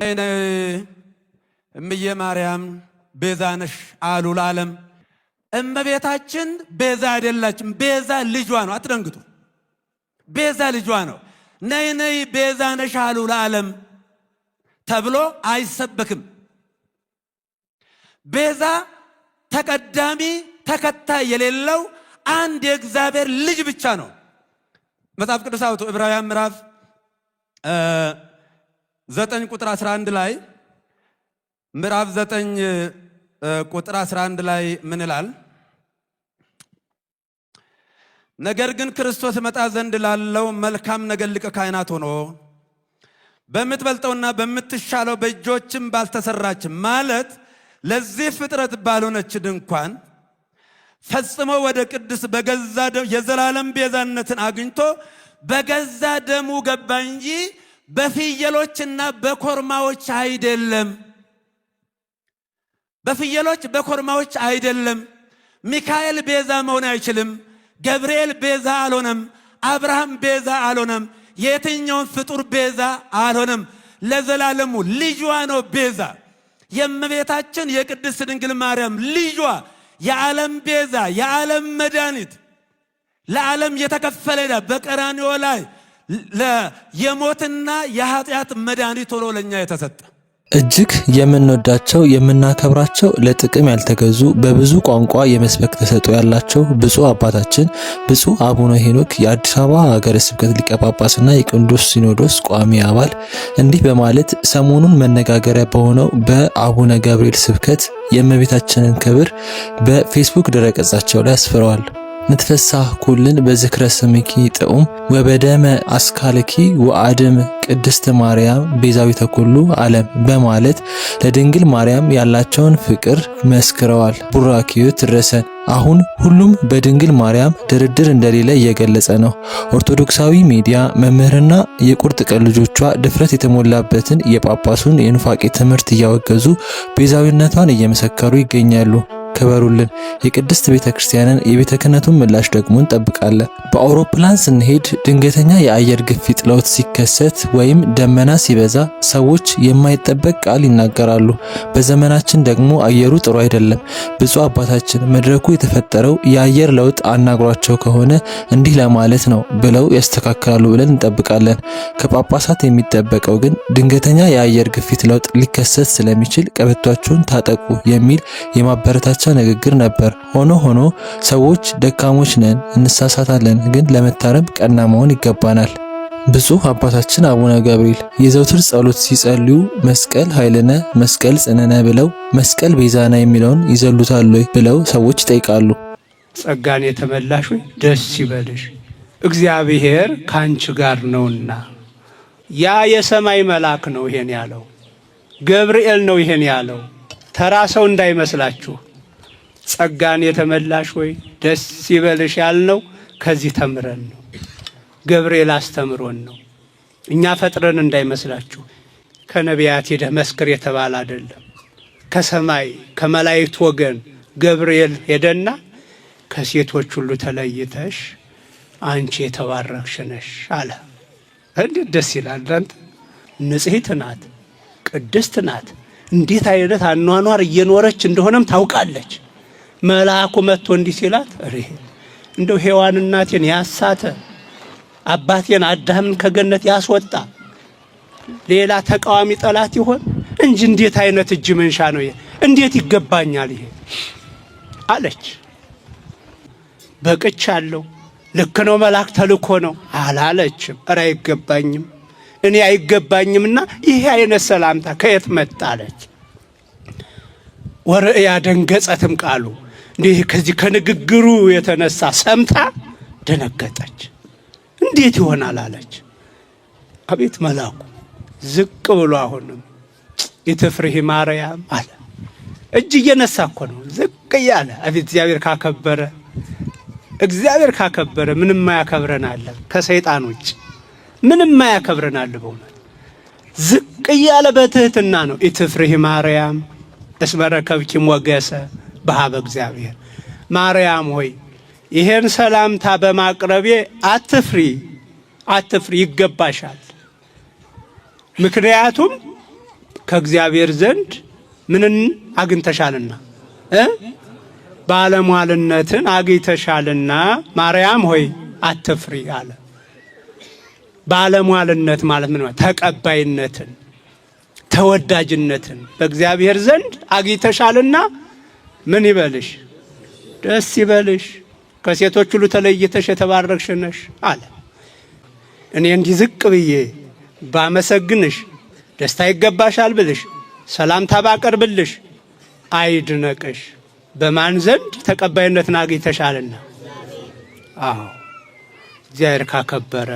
ነይ ነይ እምዬ ማርያም ቤዛ ነሽ አሉ ለዓለም። እመቤታችን ቤዛ አይደላችም። ቤዛ ልጇ ነው። አትደንግጡ። ቤዛ ልጇ ነው። ነይ ነይ ቤዛ ነሽ አሉ ለዓለም ተብሎ አይሰበክም። ቤዛ ተቀዳሚ ተከታይ የሌለው አንድ የእግዚአብሔር ልጅ ብቻ ነው። መጽሐፍ ቅዱስ አውቶ ዕብራውያን ምዕራፍ ዘጠኝ ቁጥር 11 ላይ ምዕራፍ ዘጠኝ ቁጥር 11 ላይ ምን ይላል? ነገር ግን ክርስቶስ መጣ ዘንድ ላለው መልካም ነገር ሊቀ ካህናት ሆኖ በምትበልጠውና በምትሻለው በእጆችም ባልተሰራች ማለት ለዚህ ፍጥረት ባልሆነች ድንኳን ፈጽሞ ወደ ቅድስ በገዛ የዘላለም ቤዛነትን አግኝቶ በገዛ ደሙ ገባ እንጂ በፍየሎችና በኮርማዎች አይደለም። በፍየሎች በኮርማዎች አይደለም። ሚካኤል ቤዛ መሆን አይችልም። ገብርኤል ቤዛ አልሆነም። አብርሃም ቤዛ አልሆነም። የትኛውን ፍጡር ቤዛ አልሆነም። ለዘላለሙ ልጇ ነው ቤዛ። የእመቤታችን የቅድስት ድንግል ማርያም ልጇ የዓለም ቤዛ፣ የዓለም መድኃኒት፣ ለዓለም የተከፈለ ዕዳ በቀራንዮ ላይ የሞትና የኃጢአት መድኃኒት ሆኖ ለእኛ የተሰጠ እጅግ የምንወዳቸው የምናከብራቸው ለጥቅም ያልተገዙ በብዙ ቋንቋ የመስበክ ተሰጦ ያላቸው ብፁዕ አባታችን ብፁዕ አቡነ ሄኖክ የአዲስ አበባ ሀገረ ስብከት ሊቀ ጳጳስና የቅዱስ ሲኖዶስ ቋሚ አባል እንዲህ በማለት ሰሞኑን መነጋገሪያ በሆነው በአቡነ ገብርኤል ስብከት የእመቤታችንን ክብር በፌስቡክ ድረገጻቸው ላይ አስፍረዋል። ንትፈሳህ ኩልን በዝክረ ስምኪ ጥዑም ወበደመ አስካልኪ ወአድም ቅድስት ማርያም ቤዛዊተ ኩሉ ዓለም በማለት ለድንግል ማርያም ያላቸውን ፍቅር መስክረዋል። ቡራኪዮ ትረሰን። አሁን ሁሉም በድንግል ማርያም ድርድር እንደሌለ እየገለጸ ነው። ኦርቶዶክሳዊ ሚዲያ መምህርና የቁርጥ ቀን ልጆቿ ድፍረት የተሞላበትን የጳጳሱን የኑፋቄ ትምህርት እያወገዙ ቤዛዊነቷን እየመሰከሩ ይገኛሉ። ክበሩልን። የቅድስት ቤተ ክርስቲያንን የቤተ ክህነቱን ምላሽ ደግሞ እንጠብቃለን። በአውሮፕላን ስንሄድ ድንገተኛ የአየር ግፊት ለውጥ ሲከሰት ወይም ደመና ሲበዛ ሰዎች የማይጠበቅ ቃል ይናገራሉ። በዘመናችን ደግሞ አየሩ ጥሩ አይደለም። ብፁዕ አባታችን መድረኩ የተፈጠረው የአየር ለውጥ አናግሯቸው ከሆነ እንዲህ ለማለት ነው ብለው ያስተካክላሉ ብለን እንጠብቃለን። ከጳጳሳት የሚጠበቀው ግን ድንገተኛ የአየር ግፊት ለውጥ ሊከሰት ስለሚችል ቀበቷችሁን ታጠቁ የሚል የማበረታቻ ንግግር ነበር። ሆኖ ሆኖ ሰዎች ደካሞች ነን፣ እንሳሳታለን፣ ግን ለመታረም ቀና መሆን ይገባናል። ብፁዕ አባታችን አቡነ ገብርኤል የዘውትር ጸሎት ሲጸልዩ መስቀል ኃይልነ፣ መስቀል ጽንነ ብለው መስቀል ቤዛና የሚለውን ይዘሉታል ወይ ብለው ሰዎች ይጠይቃሉ። ጸጋን የተመላሽ ደስ ይበልሽ እግዚአብሔር ከአንቺ ጋር ነውና። ያ የሰማይ መልአክ ነው ይሄን ያለው፣ ገብርኤል ነው ይሄን ያለው። ተራ ሰው እንዳይመስላችሁ። ጸጋን የተመላሽ ወይ ደስ ይበልሽ ያልነው ከዚህ ተምረን ነው። ገብርኤል አስተምሮን ነው። እኛ ፈጥረን እንዳይመስላችሁ ከነቢያት ሄደህ መስክር የተባለ አይደለም። ከሰማይ ከመላእክት ወገን ገብርኤል ሄደና ከሴቶች ሁሉ ተለይተሽ አንቺ የተባረክሽ ነሽ አለ። እንዴት ደስ ይላል! እናንተ ንጽሕት ናት፣ ቅድስት ናት። እንዴት አይነት አኗኗር እየኖረች እንደሆነም ታውቃለች። መልአኩ መጥቶ እንዲህ ሲላት እንደው ሔዋን እናቴን ያሳተ አባቴን አዳምን ከገነት ያስወጣ ሌላ ተቃዋሚ ጠላት ይሆን እንጂ እንዴት አይነት እጅ መንሻ ነው? እንዴት ይገባኛል ይሄ አለች። በቅች አለው ልክ ነው፣ መልአክ ተልኮ ነው አላለችም። እረ አይገባኝም፣ እኔ አይገባኝምና ይሄ አይነት ሰላምታ ከየት መጣ አለች። ወርእያ ደንገጸትም ቃሉ እንዲህ ከዚህ ከንግግሩ የተነሳ ሰምታ ደነገጠች። እንዴት ይሆናል አለች። አቤት መልአኩ ዝቅ ብሎ አሁንም ኢትፍርሂ ማርያም አለ። እጅ እየነሳ እኮ ነው፣ ዝቅ እያለ አቤት እግዚአብሔር ካከበረ እግዚአብሔር ካከበረ ምንም ማያከብረን አለ። ከሰይጣን ውጭ ምንም ማያከብረን አለ። በእውነት ዝቅ እያለ በትህትና ነው ኢትፍርሂ ማርያም እስመ ረከብኪ ሞገሰ በሀበ እግዚአብሔር። ማርያም ሆይ ይሄን ሰላምታ በማቅረቤ አትፍሪ፣ አትፍሪ ይገባሻል። ምክንያቱም ከእግዚአብሔር ዘንድ ምንን አግኝተሻልና ባለሟልነትን አግኝተሻልና ማርያም ሆይ አትፍሪ አለ። ባለሟልነት ማለት ምን ማለት? ተቀባይነትን፣ ተወዳጅነትን በእግዚአብሔር ዘንድ አግኝተሻልና ምን ይበልሽ? ደስ ይበልሽ፣ ከሴቶች ሁሉ ተለይተሽ የተባረክሽ ነሽ አለ። እኔ እንዲህ ዝቅ ብዬ ባመሰግንሽ፣ ደስታ ይገባሻል ብልሽ፣ ሰላምታ ባቀርብልሽ አይድነቅሽ፣ በማን ዘንድ ተቀባይነትን አግኝተሻልና። አዎ እግዚአብሔር ካከበረ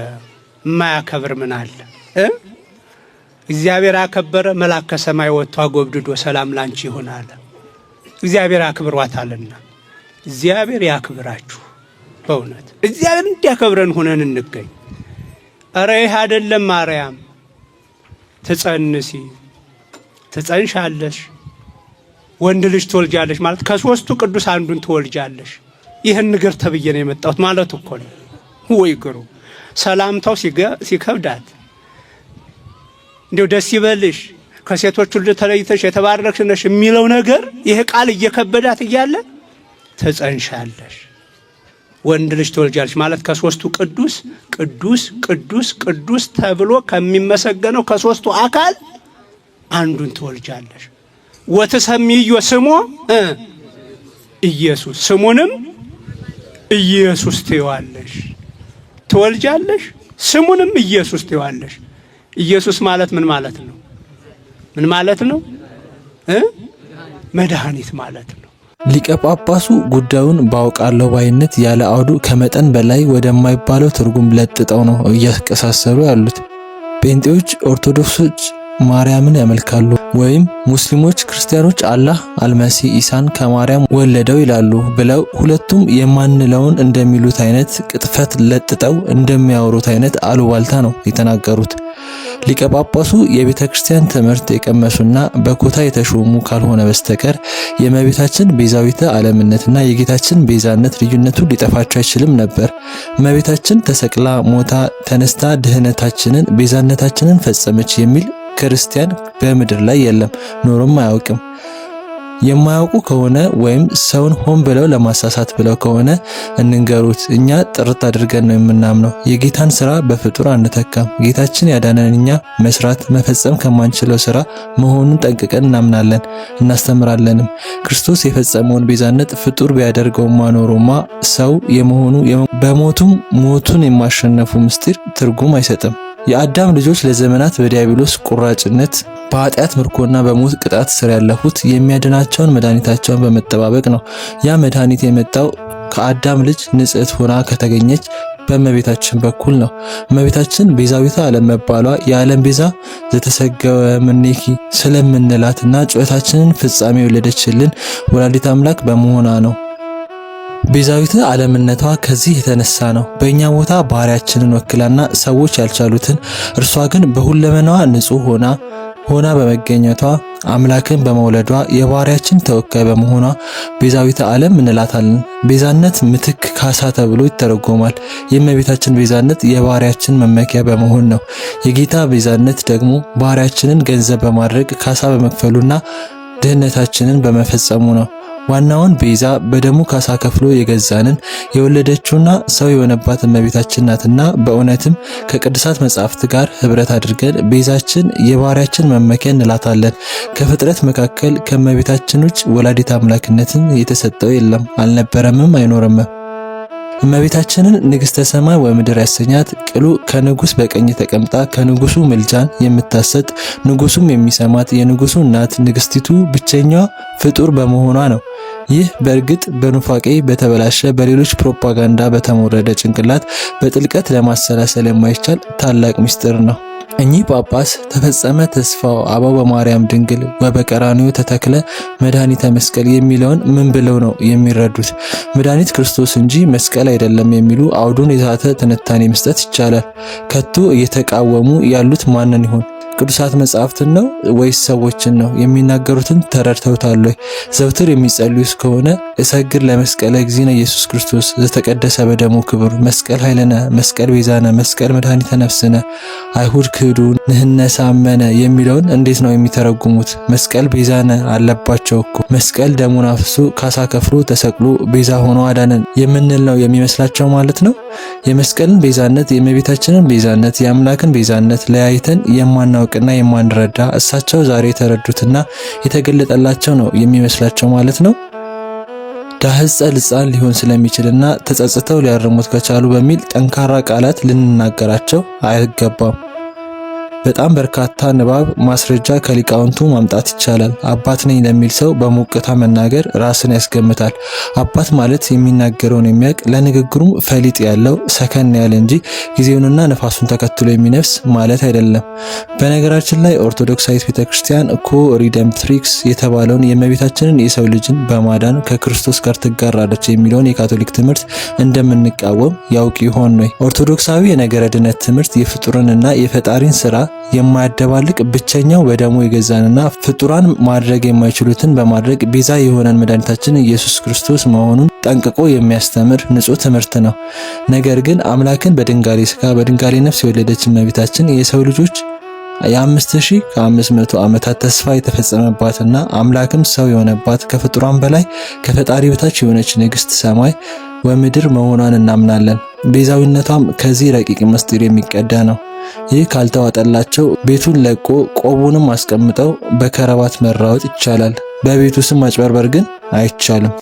የማያከብር ምን አለ? እግዚአብሔር አከበረ። መልአከ ሰማይ ወጥቶ አጎብድዶ ሰላም ላንቺ ይሆናል። እግዚአብሔር አክብሯታልና እግዚአብሔር ያክብራችሁ። በእውነት እግዚአብሔር እንዲያከብረን ሆነን እንገኝ። እረ ይህ አይደለም ማርያም ትጸንሲ ትጸንሻለሽ፣ ወንድ ልጅ ትወልጃለሽ ማለት ከሦስቱ ቅዱስ አንዱን ትወልጃለሽ። ይህን ንግር ተብዬ ነው የመጣሁት ማለት እኮ ነው። ወይ ግሩ ሰላምታው ሲከብዳት እንዲው ደስ ይበልሽ ከሴቶች ሁሉ ተለይተሽ የተባረክሽ ነሽ የሚለው ነገር ይሄ ቃል እየከበዳት እያለ ትጸንሻለሽ፣ ወንድ ልጅ ትወልጃለሽ ማለት ከሶስቱ ቅዱስ ቅዱስ ቅዱስ ቅዱስ ተብሎ ከሚመሰገነው ከሶስቱ አካል አንዱን ትወልጃለሽ። ወትሰሚዮ ስሞ ኢየሱስ ስሙንም ኢየሱስ ትይዋለሽ። ትወልጃለሽ ስሙንም ኢየሱስ ትይዋለሽ። ኢየሱስ ማለት ምን ማለት ነው? ምን ማለት ነው? መድኃኒት ማለት ነው። ሊቀ ጳጳሱ ጉዳዩን ባውቃለሁ ባይነት ያለ አውዱ ከመጠን በላይ ወደማይባለው ትርጉም ለጥጠው ነው እያስቀሳሰሩ ያሉት። ጴንጤዎች ኦርቶዶክሶች ማርያምን ያመልካሉ ወይም ሙስሊሞች ክርስቲያኖች አላህ አልመሲ ኢሳን ከማርያም ወለደው ይላሉ ብለው ሁለቱም የማንለውን እንደሚሉት አይነት ቅጥፈት ለጥጠው እንደሚያወሩት አይነት አሉባልታ ነው የተናገሩት። ሊቀ ጳጳሱ የቤተ ክርስቲያን ትምህርት የቀመሱና በኮታ የተሾሙ ካልሆነ በስተቀር የእመቤታችን ቤዛዊተ ዓለምነትና የጌታችን ቤዛነት ልዩነቱ ሊጠፋቸው አይችልም ነበር። እመቤታችን ተሰቅላ ሞታ ተነስታ ድህነታችንን ቤዛነታችንን ፈጸመች የሚል ክርስቲያን በምድር ላይ የለም፣ ኖሮም አያውቅም። የማያውቁ ከሆነ ወይም ሰውን ሆን ብለው ለማሳሳት ብለው ከሆነ እንንገሩት። እኛ ጥርት አድርገን ነው የምናምነው። የጌታን ስራ በፍጡር አንተካም። ጌታችን ያዳነን እኛ መስራት መፈጸም ከማንችለው ስራ መሆኑን ጠንቅቀን እናምናለን እናስተምራለንም። ክርስቶስ የፈጸመውን ቤዛነት ፍጡር ቢያደርገው ማኖሮማ ሰው የመሆኑ በሞቱም ሞቱን የማሸነፉ ምስጢር ትርጉም አይሰጥም። የአዳም ልጆች ለዘመናት በዲያብሎስ ቁራጭነት በኃጢአት ምርኮና በሞት ቅጣት ስር ያለፉት የሚያድናቸውን መድኃኒታቸውን በመጠባበቅ ነው። ያ መድኃኒት የመጣው ከአዳም ልጅ ንጽሕት ሆና ከተገኘች በእመቤታችን በኩል ነው። እመቤታችን ቤዛዊቷ ዓለም መባሏ የዓለም ቤዛ ዘተሰገወ እምኔኪ ስለምንላትና ጩኸታችንን ፍጻሜ የወለደችልን ወላዲት አምላክ በመሆኗ ነው። ቤዛዊት ዓለምነቷ ከዚህ የተነሳ ነው። በእኛ ቦታ ባህሪያችንን ወክላና ሰዎች ያልቻሉትን እርሷ ግን በሁለመናዋ ንጹሕ ሆና ሆና በመገኘቷ አምላክን በመውለዷ የባህሪያችን ተወካይ በመሆኗ ቤዛዊተ ዓለም እንላታለን። ቤዛነት ምትክ፣ ካሳ ተብሎ ይተረጎማል። የእመቤታችን ቤዛነት የባህሪያችን መመኪያ በመሆን ነው። የጌታ ቤዛነት ደግሞ ባህሪያችንን ገንዘብ በማድረግ ካሳ በመክፈሉና ድህነታችንን በመፈጸሙ ነው። ዋናውን ቤዛ በደሙ ካሳ ከፍሎ የገዛንን የወለደችውና ሰው የሆነባት እመቤታችን ናትና በእውነትም ከቅዱሳት መጻሕፍት ጋር ህብረት አድርገን ቤዛችን የባህሪያችን መመኪያ እንላታለን። ከፍጥረት መካከል ከእመቤታችን ውጭ ወላዲት አምላክነትን የተሰጠው የለም፣ አልነበረምም፣ አይኖርምም። እመቤታችንን ንግሥተ ሰማይ ወምድር ያሰኛት ቅሉ ከንጉሥ በቀኝ ተቀምጣ ከንጉሱ ምልጃን የምታሰጥ ንጉሱም የሚሰማት የንጉሱ እናት ንግሥቲቱ ብቸኛዋ ፍጡር በመሆኗ ነው። ይህ በእርግጥ በኑፋቄ በተበላሸ በሌሎች ፕሮፓጋንዳ በተሞረደ ጭንቅላት በጥልቀት ለማሰላሰል የማይቻል ታላቅ ምስጢር ነው። እኚህ ጳጳስ ተፈጸመ ተስፋው አበው በማርያም ድንግል ወበቀራኒው ተተክለ መድኃኒተ መስቀል የሚለውን ምን ብለው ነው የሚረዱት? መድኃኒት ክርስቶስ እንጂ መስቀል አይደለም የሚሉ አውዱን የዛተ ትንታኔ መስጠት ይቻላል። ከቶ እየተቃወሙ ያሉት ማንን ይሆን? ቅዱሳት መጽሐፍትን ነው ወይስ ሰዎችን ነው? የሚናገሩትን ተረድተውታል ወይ? ዘውትር የሚጸልዩስ ከሆነ እሰግድ ለመስቀለ እግዚእነ ኢየሱስ ክርስቶስ ዘተቀደሰ በደሙ ክብር መስቀል ኃይለነ መስቀል ቤዛነ መስቀል መድኃኒተ ነፍስነ አይሁድ ክህዱ ንህነ ሳመነ የሚለውን እንዴት ነው የሚተረጉሙት? መስቀል ቤዛነ አለባቸው እኮ መስቀል ደሙን አፍሶ ካሳ ከፍሎ ተሰቅሎ ቤዛ ሆኖ አዳነን የምንል ነው የሚመስላቸው ማለት ነው። የመስቀልን ቤዛነት የእመቤታችንን ቤዛነት የአምላክን ቤዛነት ለያይተን የማናውቅ የማናውቅና የማንረዳ እሳቸው ዛሬ የተረዱትና የተገለጠላቸው ነው የሚመስላቸው ማለት ነው። ዳህጸ ልጻን ሊሆን ስለሚችልና ተጸጽተው ሊያርሙት ከቻሉ በሚል ጠንካራ ቃላት ልንናገራቸው አይገባም። በጣም በርካታ ንባብ ማስረጃ ከሊቃውንቱ ማምጣት ይቻላል። አባት ነኝ ለሚል ሰው በሞቅታ መናገር ራስን ያስገምታል። አባት ማለት የሚናገረውን የሚያውቅ ለንግግሩም ፈሊጥ ያለው ሰከን ያለ እንጂ ጊዜውንና ነፋሱን ተከትሎ የሚነፍስ ማለት አይደለም። በነገራችን ላይ ኦርቶዶክሳዊት ቤተ ቤተክርስቲያን ኮ ሪደምትሪክስ የተባለውን የእመቤታችንን የሰው ልጅን በማዳን ከክርስቶስ ጋር ትጋራለች የሚለውን የካቶሊክ ትምህርት እንደምንቃወም ያውቅ ይሆን ነው። ኦርቶዶክሳዊ የነገረ ድነት ትምህርት የፍጡርንና የፈጣሪን ስራ የማያደባልቅ ብቸኛው በደሙ የገዛንና ፍጡራን ማድረግ የማይችሉትን በማድረግ ቤዛ የሆነን መድኃኒታችን ኢየሱስ ክርስቶስ መሆኑን ጠንቅቆ የሚያስተምር ንጹሕ ትምህርት ነው። ነገር ግን አምላክን በድንጋሌ ስጋ በድንጋሌ ነፍስ የወለደች እመቤታችን የሰው ልጆች የአምስት ሺህ ከአምስት መቶ ዓመታት ተስፋ የተፈጸመባትና አምላክም ሰው የሆነባት ከፍጡራን በላይ ከፈጣሪ በታች የሆነች ንግሥት ሰማይ ወምድር መሆኗን እናምናለን። ቤዛዊነቷም ከዚህ ረቂቅ ምስጢር የሚቀዳ ነው። ይህ ካልተዋጠላቸው ቤቱን ለቆ ቆቡንም አስቀምጠው በከረባት መራወጥ ይቻላል። በቤቱ ስም ማጭበርበር ግን አይቻልም።